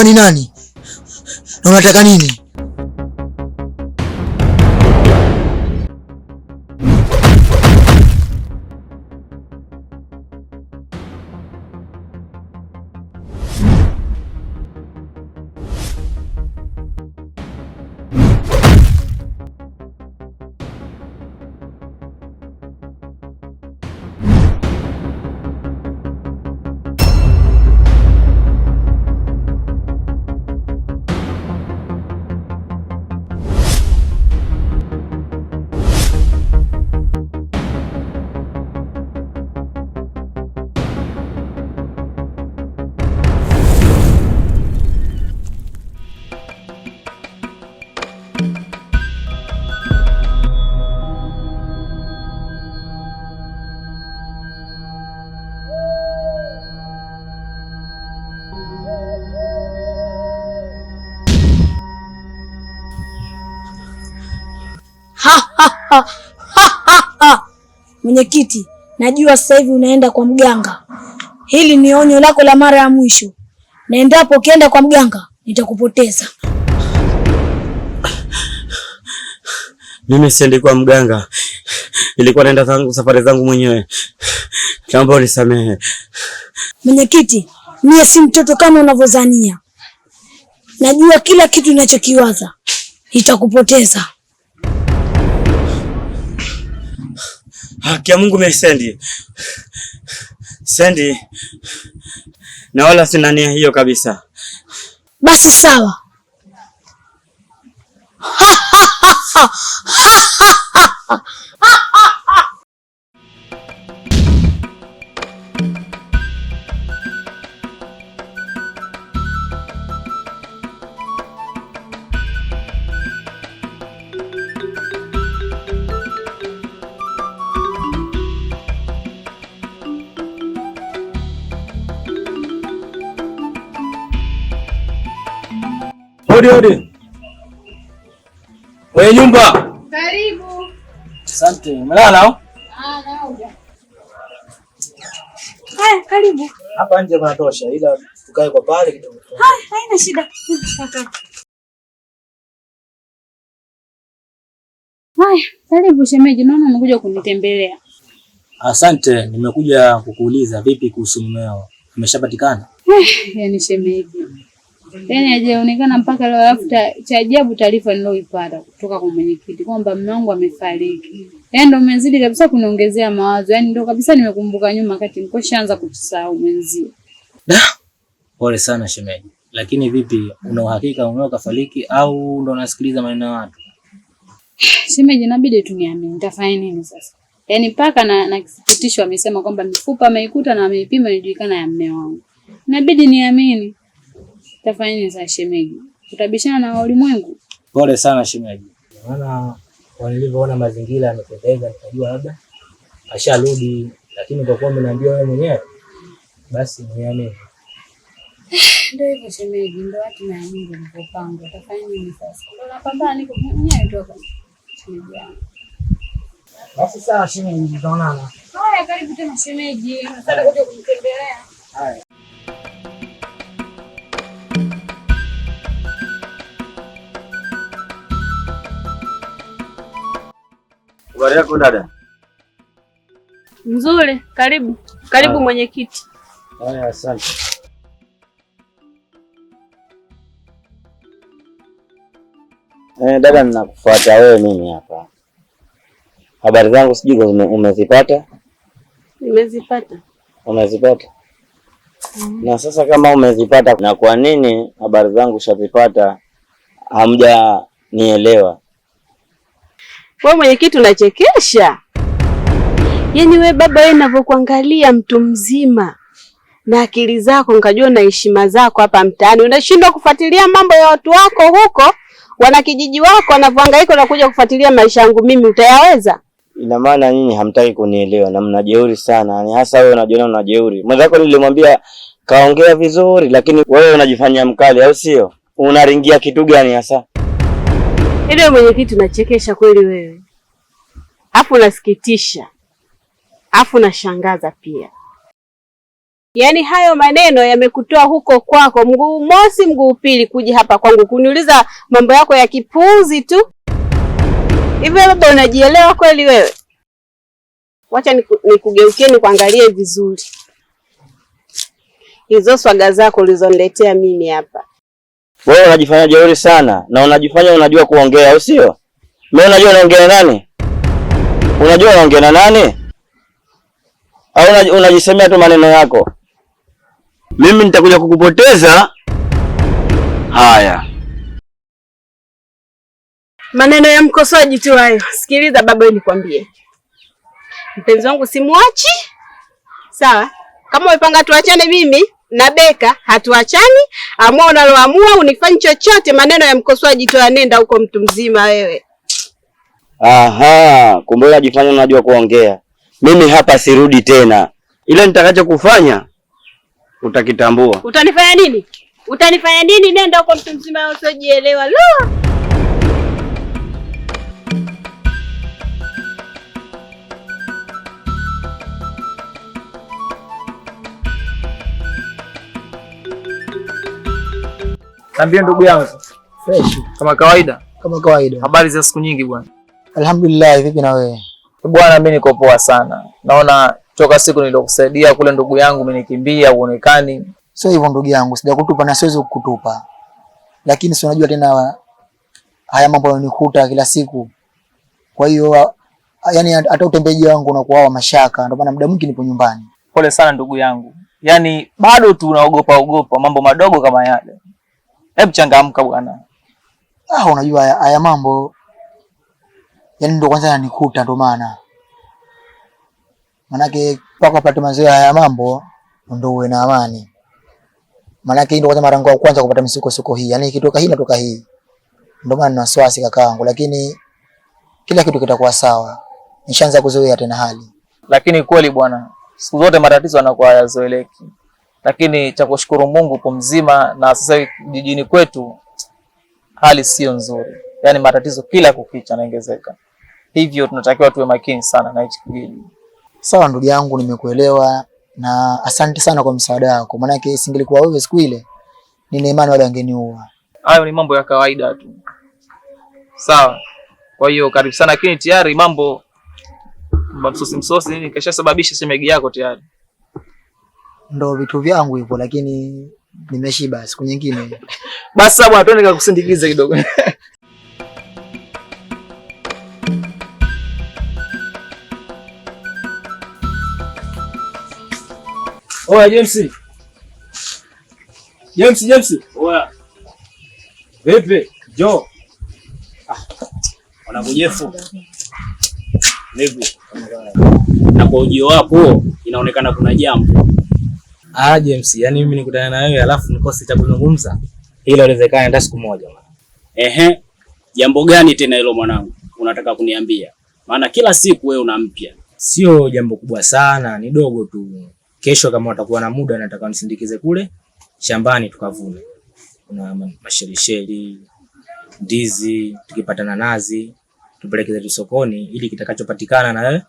wewe ni nani na unataka nini? Mwenyekiti, najua sasa hivi unaenda kwa mganga. Hili ni onyo lako la mara ya mwisho, na endapo ukienda kwa mganga nitakupoteza. Mimi siendi kwa mganga, ilikuwa naenda zangu safari zangu mwenyewe. Naomba unisamehe mwenyekiti. Mie si mtoto kama unavyodhania, najua kila kitu ninachokiwaza. Nitakupoteza. Haki ya Mungu mimi sendi sendi, na wala sina nia hiyo kabisa. Basi sawa. Hodi, hodi. Mwenye nyumba. Karibu. Asante. Umelala au? Ah, Haya, karibu. Hapa nje kunatosha ila tukae kwa pale kidogo. Haya, haina shida. Haya, karibu shemeji, naona umekuja kunitembelea. Asante, nimekuja kukuuliza vipi kuhusu mumeo, ameshapatikana? Yaani shemeji yaani hajaonekana mpaka leo. Alafu cha ajabu, taarifa niloipata kutoka kwa mwenyekiti kwamba mume wangu amefariki, yaani ndo menzidi kabisa kuniongezea mawazo, yaani ndo kabisa nimekumbuka nyuma kati shaanza kutusahau mwenzie. Pole sana shemeji, lakini vipi, una uhakika mume wako kafariki au ndo unasikiliza maneno ya watu? Shemeji, inabidi tu niamini, nitafanya nini sasa? Yaani mpaka na, na kisikitishwa amesema kwamba mifupa ameikuta na ameipima inajulikana ya mume wangu, inabidi niamini. Tafanyeni za shemeji, utabishana na ulimwengu. Pole sana shemeji, maana nilivyoona mazingira yamependeza nikajua labda asharudi, lakini kwa kuwa mnaambia wewe mwenyewe, basi mwenyewe ndio hivyo shemeji, ndio watu na Mungu mkopanga. Tafanyeni sasa, napambana niko mwenyewe tu hapa shemeji yangu. Basi sawa shemeji, tutaonana. Haya, karibu tena shemeji, nataka kuja kumtembelea. Haya. Habari yako dada? Nzuri, karibu karibu mwenyekiti. Haya, asante. Eh, dada ninakufuata wewe mimi hapa. Habari zangu sijui umezipata? Nimezipata. Umezipata? Mm. Na sasa kama umezipata, na kwa nini habari zangu ushazipata nielewa wewe mwenyekiti unachekesha. Yaani we baba, wewe ninavyokuangalia mtu mzima na akili zako nikajua na heshima zako hapa mtaani, unashindwa kufuatilia mambo ya watu wako huko, wanakijiji wako wanavyohangaika, unakuja kufuatilia maisha yangu mimi, utayaweza? Ina maana nyinyi hamtaki kunielewa na mnajeuri sana, ni yaani hasa wewe unajiona unajeuri. Mwenzako nilimwambia kaongea vizuri, lakini wewe unajifanya mkali, au sio? Unaringia kitu gani hasa? Ile yaani mwenyekiti, unachekesha kweli wewe, afu unasikitisha, afu unashangaza pia. Yaani hayo maneno yamekutoa huko kwako, mguu mosi mguu pili, kuja hapa kwangu kuniuliza mambo yako ya kipuzi tu. Hivi labda unajielewa kweli wewe? Wacha nikugeukie, ni nikuangalie vizuri. Hizo swaga zako ulizoniletea mimi hapa wewe unajifanya jeuri sana na unajifanya unajua kuongea, au sio? Mimi unajua unaongea nani? Unajua unaongea na nani? Au unajisemea tu maneno yako? Mimi nitakuja kukupoteza. Haya, maneno ya mkosoaji tu hayo. Sikiliza baba, wewe nikwambie, mpenzi wangu simuachi, sawa? Kama umepanga tuachane, mimi na Beka hatuachani, amua unaloamua, unifanyi chochote. Maneno ya mkosoaji toa, nenda huko mtu mzima wewe. Aha, kumbe unajifanya unajua kuongea. Mimi hapa sirudi tena, ila nitakacho kufanya utakitambua. Utanifanya nini? Utanifanya nini? Nenda huko mtu mzima, usiojielewa. Lo! Niambie ndugu yangu. Fresh. Kama kawaida. Kama kawaida. Habari za siku nyingi bwana? Alhamdulillah, vipi na wewe? Bwana, mimi niko poa sana. Naona toka siku nilikusaidia kule ndugu yangu umenikimbia uonekani. Sio hivyo ndugu yangu, sijakutupa na siwezi kukutupa. Lakini si unajua tena haya mambo yananikuta kila siku. Kwa hiyo yani hata utembeji wangu unakuwa wa mashaka, ndio maana muda mwingi nipo nyumbani. Pole sana ndugu yangu. Yaani bado tu unaogopa ogopa mambo madogo kama yale. Hebu changamka bwana. Ah, unajua haya mambo yaani ndo kwanza yanikuta ndo maana manake mpaka upate mazoea haya mambo ndo uwe na amani, manake ndo kwanza marango ya kwanza kupata misukosuko hii, yaani kitoka hii natoka hii, ndo maana na wasiwasi kakaangu, lakini kila kitu kitakuwa sawa, nishaanza kuzoea tena hali. Lakini kweli bwana, siku zote matatizo yanakuwa hayazoeleki lakini cha kushukuru Mungu mzima na sasa jijini kwetu hali sio nzuri, yaani matatizo kila kukicha naongezeka, hivyo tunatakiwa tuwe makini sana na hichi kijiji. Sawa ndugu yangu, nimekuelewa na asante sana kwa msaada wako, maanake singelikuwa wewe siku ile, nina imani wale wangeniua. Hayo ni mambo ya kawaida tu, sawa. Kwa hiyo karibu sana, lakini tayari mambo msosi msosi nini kashasababisha semegi yako tayari ndo vitu vyangu hivyo, lakini nimeshiba. Siku nyingine basi. Sababu twende nikakusindikize kidogo. Oya James. James, James. Oya. Vipi? Jo. Ah. Wana bujefu. Vipi? Na kwa ujio wako inaonekana kuna jambo. Ah, James, yani mimi nikutana na wewe alafu nikose cha kuzungumza. Hilo liwezekana hata siku moja Ehe. Jambo gani tena hilo mwanangu? Unataka kuniambia? Maana kila siku wewe una mpya. Sio jambo kubwa sana, ni dogo tu. Kesho kama utakuwa na muda nataka nisindikize kule shambani tukavune. Kuna mashelisheli, ndizi, tukipata na nazi, tupeleke zetu sokoni ili kitakachopatikana na wewe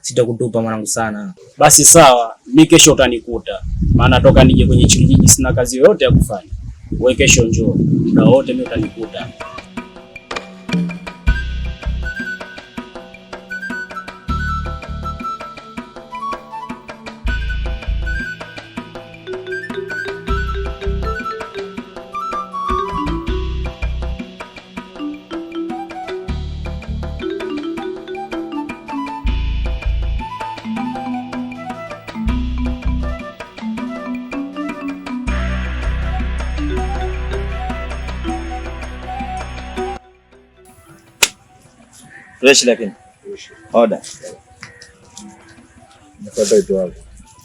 sitakutupa mwanangu sana. Basi sawa, mi kesho utanikuta, maana toka nije kwenye Chilijiji sina kazi yoyote ya kufanya. Wewe kesho njoo, muda wote mi utanikuta. Fresh lakini. Oda.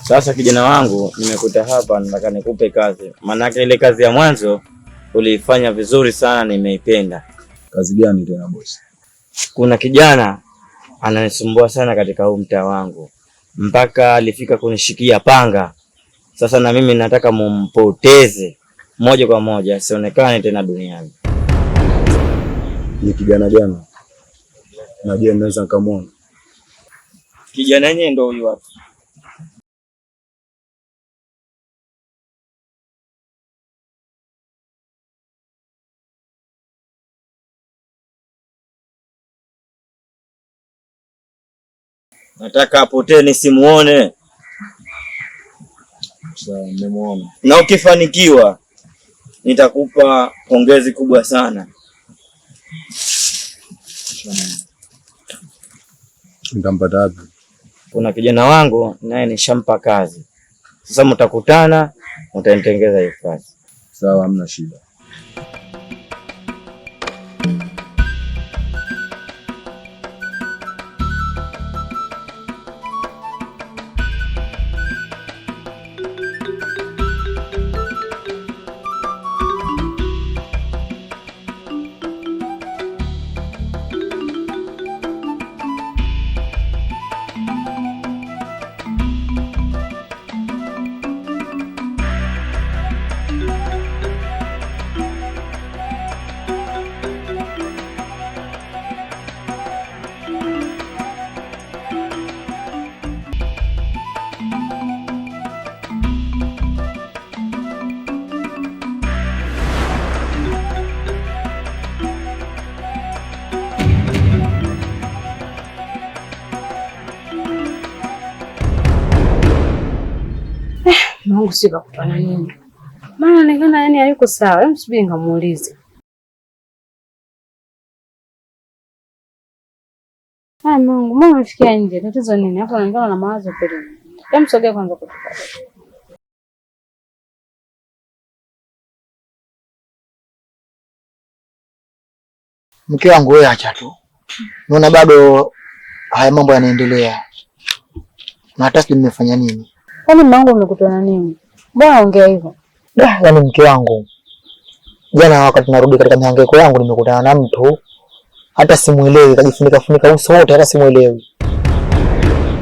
Sasa kijana wangu, nimekuta hapa, nataka nikupe kazi, maanake ile kazi ya mwanzo uliifanya vizuri sana, nimeipenda. Kazi gani tena bosi? Kuna kijana ananisumbua sana katika huu mtaa wangu, mpaka alifika kunishikia panga. Sasa na mimi nataka mumpoteze moja kwa moja, sionekane tena duniani. Ni kijana gani? najua je, naweza nikamwona kijana yenyewe? Ndio huyu hapa. Nataka apotee nisimuone. Sawa, nimemuona. Na ukifanikiwa nitakupa pongezi kubwa sana. Shana mtu nitampata Kuna kijana wangu naye nishampa kazi, sasa mtakutana, mtanitengeza hiyo kazi. Sawa, hamna shida. kwangu sio kakutwa nini, maana nikana yani hayuko sawa. Hebu subiri nikamuulize. Haya Mungu, mbona unafikia nje? Tatizo nini? Hapo naonekana na mawazo kweli. Hebu sogea kwanza kutoka. Mke wangu wewe, acha tu, naona bado haya mambo yanaendelea na hata sijui nimefanya nini. Kwani mmangu umekutana nini? Mbona ongea hivyo? Da, yani mke wangu jana, wakati narudi katika mihangaiko yangu, nimekutana na mtu hata simuelewi, kajifunika funika uso wote, hata simuelewi.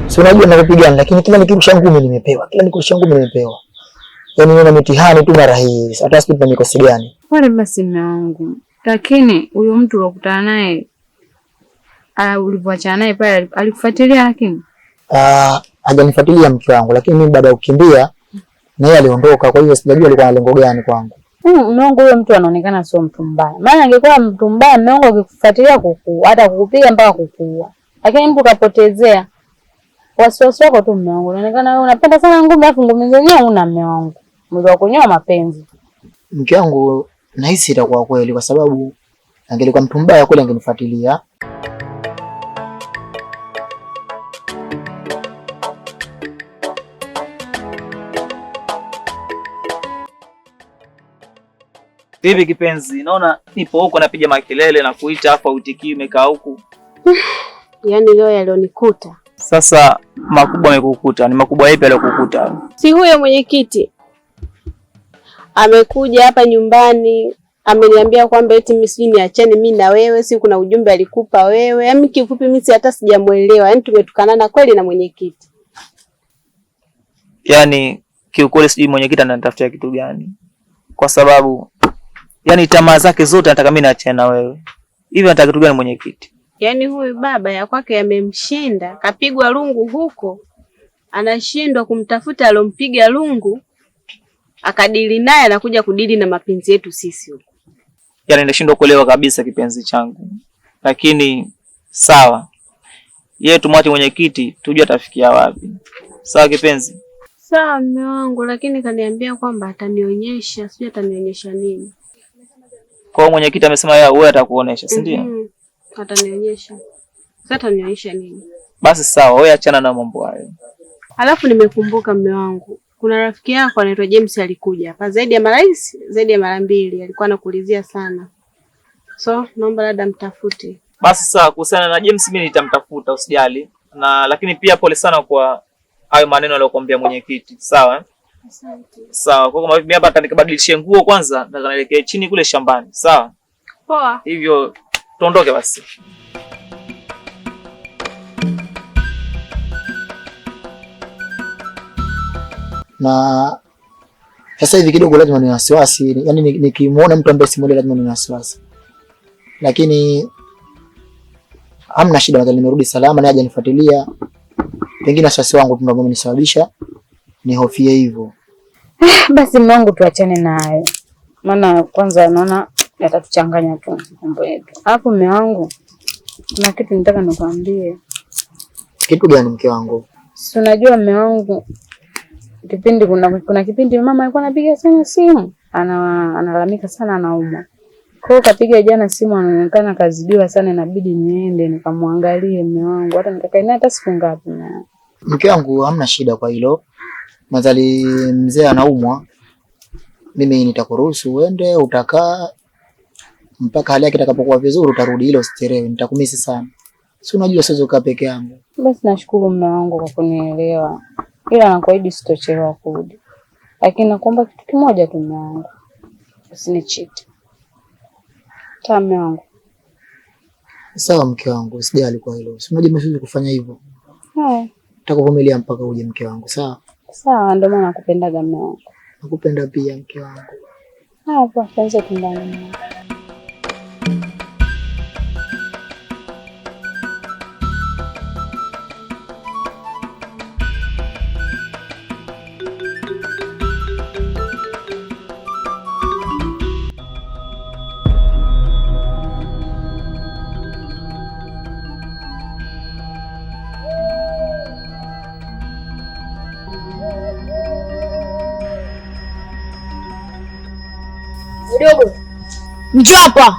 Si unajua nakupigana, lakini kila nikirusha ngumi nimepewa, kila nikirusha ngumi nimepewa. Yaani nina mitihani tu mara hii, hata sipi na mikosi gani. Pole basi mume wangu, lakini huyo mtu uliokutana naye ah, ulivyoachana naye pale alikufuatilia lakini ah hajanifuatilia mke wangu, lakini mimi baada ya kukimbia na yeye aliondoka, kwa hiyo sijajua alikuwa na lengo gani kwangu. Hmm, mume wangu huyo mtu anaonekana sio mtu mbaya, maana angekuwa mtu mbaya mume wangu akikufuatilia kukuua, hata kukupiga mpaka kukuua, lakini mtu kapotezea wasiwasi wako tu. Mume wangu unaonekana wewe unapenda sana ngumi, afu ngumi zenyewe una mume wangu mwili wa kunyoa mapenzi. Mke wangu nahisi itakuwa kweli, kwa sababu angelikuwa mtu mbaya kweli angenifuatilia. Vipi kipenzi, naona nipo huko napiga makelele na kuita afa utikii, umekaa huku yaani leo yalionikuta. Sasa makubwa amekukuta, ni makubwa yapi aliyokukuta? Si huyo mwenyekiti amekuja hapa nyumbani ameniambia kwamba eti mimi sijui niachane mimi na wewe, si kuna ujumbe alikupa wewe. Yaani kifupi mimi hata sijamuelewa, yaani tumetukanana kweli na mwenyekiti. Yaani kiukweli sijui mwenyekiti ananitafutia kitu gani, kwa sababu yani tamaa zake zote anataka mimi naachana na wewe. Hivi anataka kitu gani mwenyekiti? Yaani huyu baba ya kwake yamemshinda, kapigwa lungu huko, anashindwa kumtafuta alompiga lungu, akadili naye, anakuja kudili na mapenzi yetu sisi huko. Yaani nashindwa kuelewa kabisa kipenzi changu, lakini sawa, yeye tumwache mwenyekiti, tujue atafikia wapi. Sawa kipenzi? Sawa mme wangu, lakini kaniambia kwamba atanionyesha, sijui atanionyesha nini. Kwa hiyo mwenyekiti amesema yeye wewe atakuonesha, si ndio? Mm -hmm. Atanionyesha. Sasa atanionyesha nini? Basi sawa, wewe achana na mambo hayo. Alafu nimekumbuka mme wangu, kuna rafiki yako anaitwa James alikuja hapa zaidi ya mara hizi, zaidi ya mara mbili, alikuwa anakuulizia sana, so naomba labda mtafute. Basi sawa, kuhusiana na James mimi nitamtafuta, usijali. Na lakini pia pole sana kwa hayo maneno aliyokuambia mwenyekiti, sawa? Sawa, kwa mimi hapa nikabadilishie nguo kwanza na naelekea chini kule shambani. Sawa. Poa. Hivyo tuondoke basi. Na sasa hivi kidogo lazima ni wasiwasi, yaani nikimuona mtu ambaye simwelewi lazima ni wasiwasi, lakini hamna shida, nimerudi salama na hajanifuatilia, pengine wasiwasi wangu tu ndio umenisababisha nihofie hivyo. Basi mume wangu, tuachane naye, maana kwanza naona yatatuchanganya tu mambo yetu. Hapo mume wangu, kuna kitu nataka nikwambie. Kitu gani mke wangu? Si unajua mume wangu, kipindi kuna, kuna kipindi mama alikuwa anapiga sana simu ana, analalamika sana anaumwa. Kwa kapiga jana simu, anaonekana kazidiwa sana, inabidi niende nikamwangalie mume wangu, hata nikakaa naye hata siku ngapi. Na mke wangu, hamna shida kwa hilo Madhali mzee anaumwa, mimi nitakuruhusu uende, utakaa mpaka hali yake itakapokuwa vizuri, utarudi. Hilo usichelewe, nitakumisi sana, si unajua siwezi kukaa peke yangu. Basi nashukuru mume wangu kwa kunielewa, ila nakuahidi sitochelewa kurudi, lakini nakuomba kitu kimoja tu, mume wangu, usinichiti mume wangu. Sawa mke wangu, sijali kwa hilo, si unajua mimi kufanya hivyo, nitakuvumilia mpaka uje mke wangu, sawa Sawa, ndio maana nakupendaga mume wangu. Nakupenda pia mke wangu. Hapo kwanza kindani Dogo. Mchapa.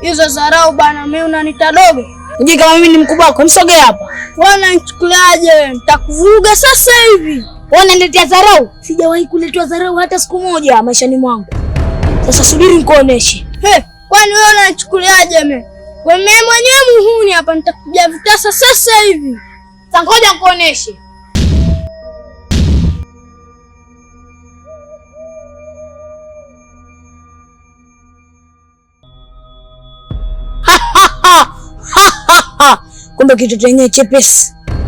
Hizo zarau bana, mimi unanita dogo. Je, kama mimi ni mkubwa wako nisogee hapa. Wana nchukuliaje? Nitakuvuruga sasa hivi. Wananiletea zarau? Sijawahi kuletwa zarau hata siku moja maishani mwangu. Sasa subiri nikuoneshe. He, kwani wewe unanichukuliaje mimi? Wewe mwenyewe muhuni hapa nitakuja vitasa sasa hivi. Ngoja nikuoneshe. kumbe kitu chenyewe chepesi